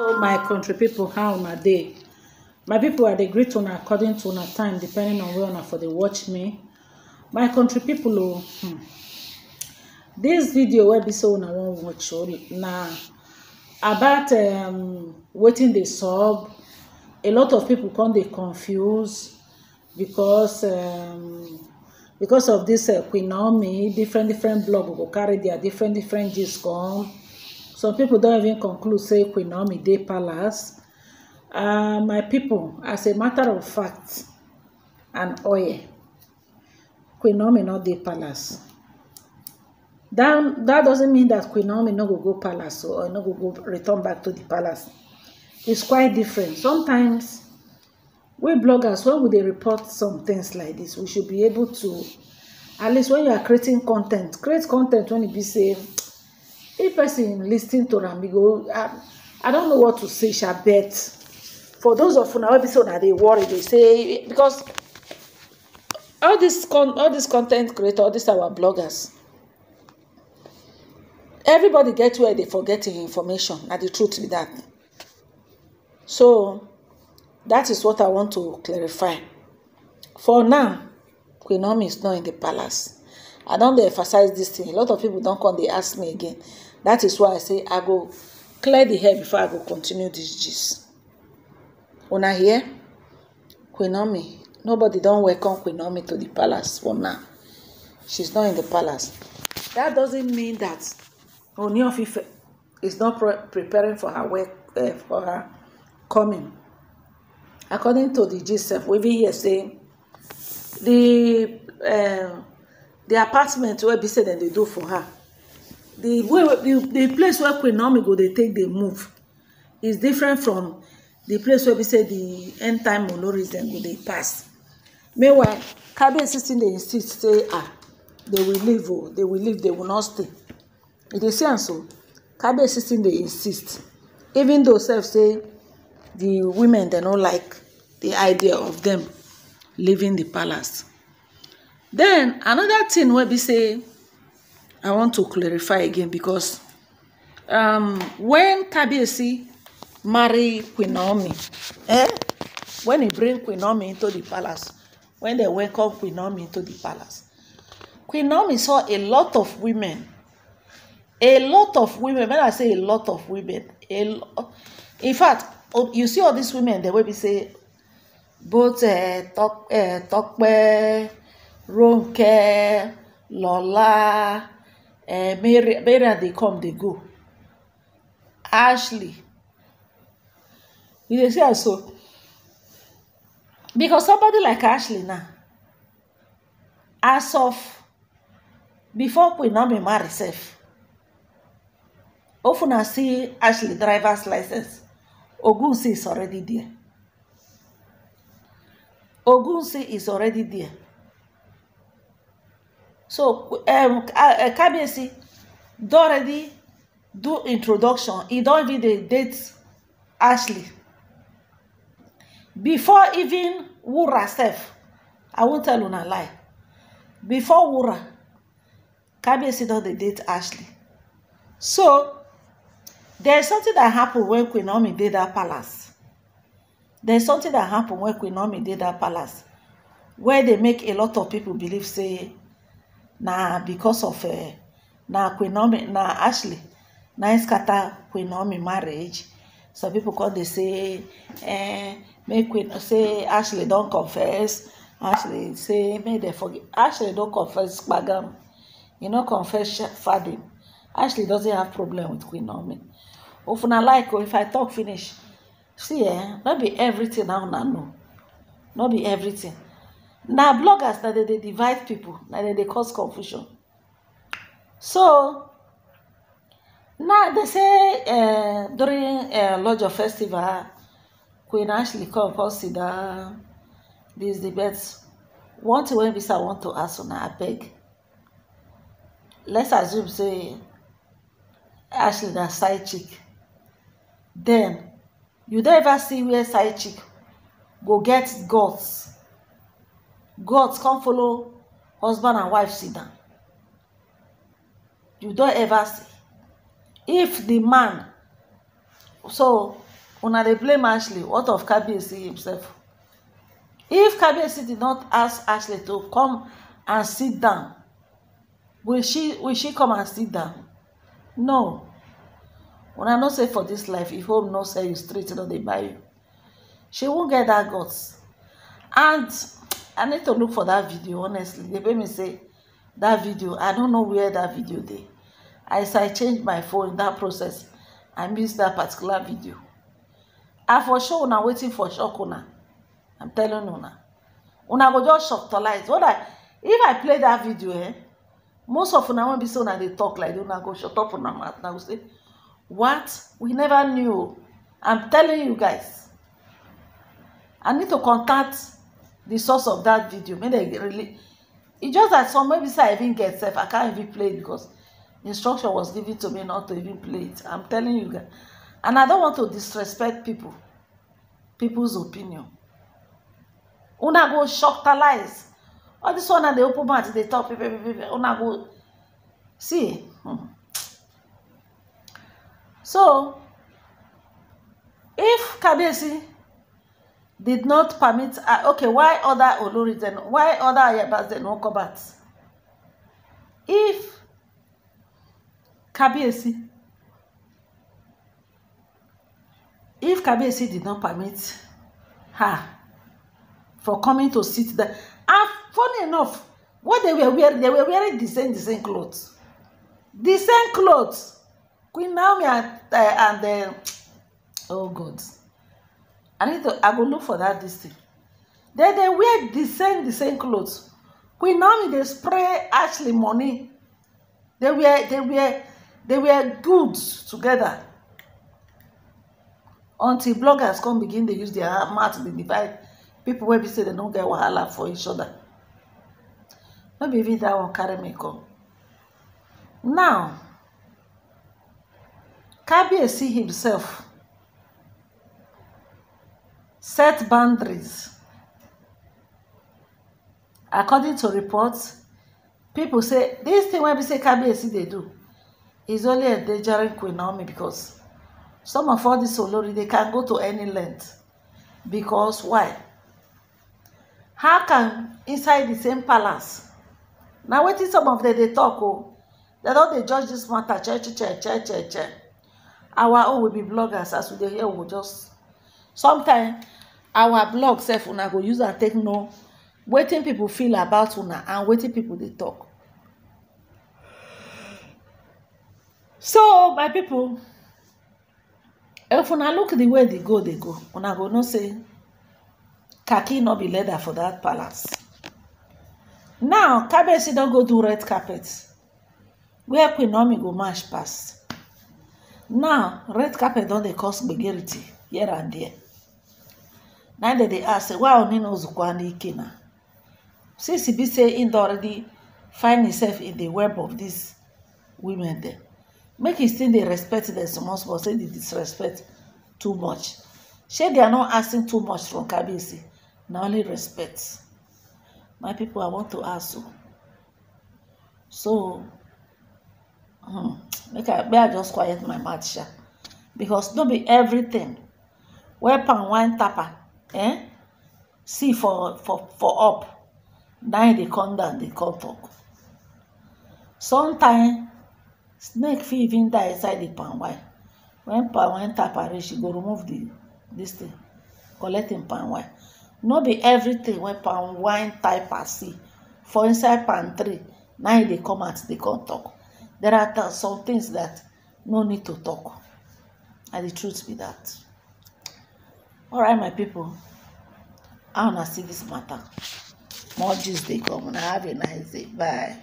Hello my country people, how are they? my people are dey greet una according to una time depending on where una for they watch me my country people, oh, hmm. dis video will be so una one watch o oh, na about um, wetin dey sup a lot of people come they confuse because um, because of this uh, Queen different different blog will carry their different different gist come some people don't even conclude say queen naomi dey palace uh, my people, as a matter of fact and oh yeah, queen naomi not dey palace That that doesn't mean that queen naomi no go go palace or no go go return back to the palace its quite different sometimes we bloggers when we dey report some things like this, we should be able to at least when you are creating content, create content when it be safe if person lis ten to am e go i i don't know what to say sha bet for those of una wey be say una dey worry dey say because all this con all this content creator all this our bloggers everybody get where they forget im information na the truth be that so that is what i want to clarify for now Queen Naomi is not in the palace i don dey emphasize this thing a lot of people don come dey ask me again That is why I say I go clear the hair before I go continue this gist. Una here? Queen Naomi. Nobody don't welcome Queen Naomi to the palace for now. She's not in the palace. That doesn't mean that Ooni is not pre preparing for her work uh, for her coming. According to the gist, we even here saying the uh, the apartment wey be say dem they do for her the way the, the place where queen naomi go dey take dey move is different from the place where we say the end time oloris dem go dey pass meanwhile kabiyesi still they insist say ah they will leave oh they will leave they will not stay It is saying so kabiyesi still they insist even though sef say the women they no like the idea of them leaving the palace then another thing where we say I want to clarify again because um, when Kabiesi married Queen Naomi, eh? when he bring Queen into the palace, when they welcome Queen into the palace, Queen saw a lot of women, a lot of women. When I say a lot of women, a lot, in fact, you see all these women. They will be say both uh, Tok, uh, Ronke, Lola. uh, Mary, Mary they come they go Ashley you dey see am so because somebody like Ashley now as of before we Queen be married sef Often I see Ashley driver's license Ogunsi is already there Ogunsi is already there so um, uh, kabiyesi don already do introduction He don even dey date ashley before even wura sef i wan tell una lie before wura kabiyesi don dey date ashley so there is something that happen when queen naomi dey that palace there is something that happen when queen naomi dey that palace where they make a lot of people believe say na because of uh, na queen na ashley na him scatter queen marriage some people come they say eh, may queen say ashley don't confess ashley say may they forgive ashley don't confess gbagam you know, confess fadim ashley doesn't have problem with queen naomi if I like oh, if i talk finish see eh no be everything now una know no be everything na bloggers na dem dey divide people na dem dey cause confusion so now dem say uh, during uh, lodge festival queen ashley come come sit down this debate one thing wey visa? want to ask una abeg let's assume say ashley na side chick then you don ever see where side chick go get guts gods come follow husband and wife sit down you don't ever see if the man so una dey blame ashley what of kabiyesi himself if kabiyesi did not ask ashley to come and sit down will she will she come and sit down no una know say for this life if home no sell you straight e no dey buy you she won't get that guts and I need to look for that video, honestly. They made me say, that video, I don't know where that video they. As I changed my phone in that process, I missed that particular video. I for sure I'm waiting for shock una. I'm telling you now. When I go just shut to light. What I, if I play that video, eh, most of them won't be so una they talk like going go shut up una mouth. Now say, what? We never knew. I'm telling you guys. I need to contact the source of that video make dem really e just that some maybe say i even get sef i can't even play it because instruction was given to me not to even play it i'm telling you guys and i don't want to disrespect people people's opinion una go shock talize. Oh, this one na the open mouth dey talk pepe pepe una go see hmm. so if kabiyesi did not permit uh, okay why other olori then why other ayabas then won come if kabiyesi if kabiyesi did not permit her for coming to sit there and funny enough what they were wearing they were wearing the same the same clothes the same clothes Queen Naomi and, uh, and uh, oh God i need to i go look for that. This thing dem they wear the same the same clothes queen naomi they spray ashley money They wear they wear they wear goods together until bloggers come begin they use their mouth to divide people. Where be say dem no get wahala for each other Maybe be even dat one carry me come now kabiyesi himself Set boundaries. According to reports, people say this thing when we say KBC, they do is only endangering Queen Naomi because some of all dis olori they can go to any length because why? How can inside the same palace? Now, what is some of dem they talk Oh, Dem don dey judge dis matter che che che che che Our own will be bloggers as we hear we just sometimes our blog sef una go use am take know wetin pipo feel about una and wetin pipo dey talk? so my pipo if una look di way di goal dey go una go know say khaki no be leather for dat palace now kabesi don go do red carpet where queen naomi go march pass now red carpet don dey cause gbegherity here and there na dem dey ask say why onenozukwa n'ike na since e be say im don already find himself in the web of dis women dem make e still dey respect dem small small say di disrespect too much shey dem no asking too much from kabisi na only respect my pipo i want to ask o so hmm, make i make i just quiet my mouth sha because no be everything wey palm wine tapper eh see for for for up now they come down they come talk sometimes snake fit even die inside the palm wine when palm wine tapper reach you go remove the this thing collect im palm wine no be everything when palm wine tapper see for inside palm tree now they come out they come talk there are some things that no need to talk and the truth be that. All right, my people. how una see this matter. more juice dey come I have a nice day bye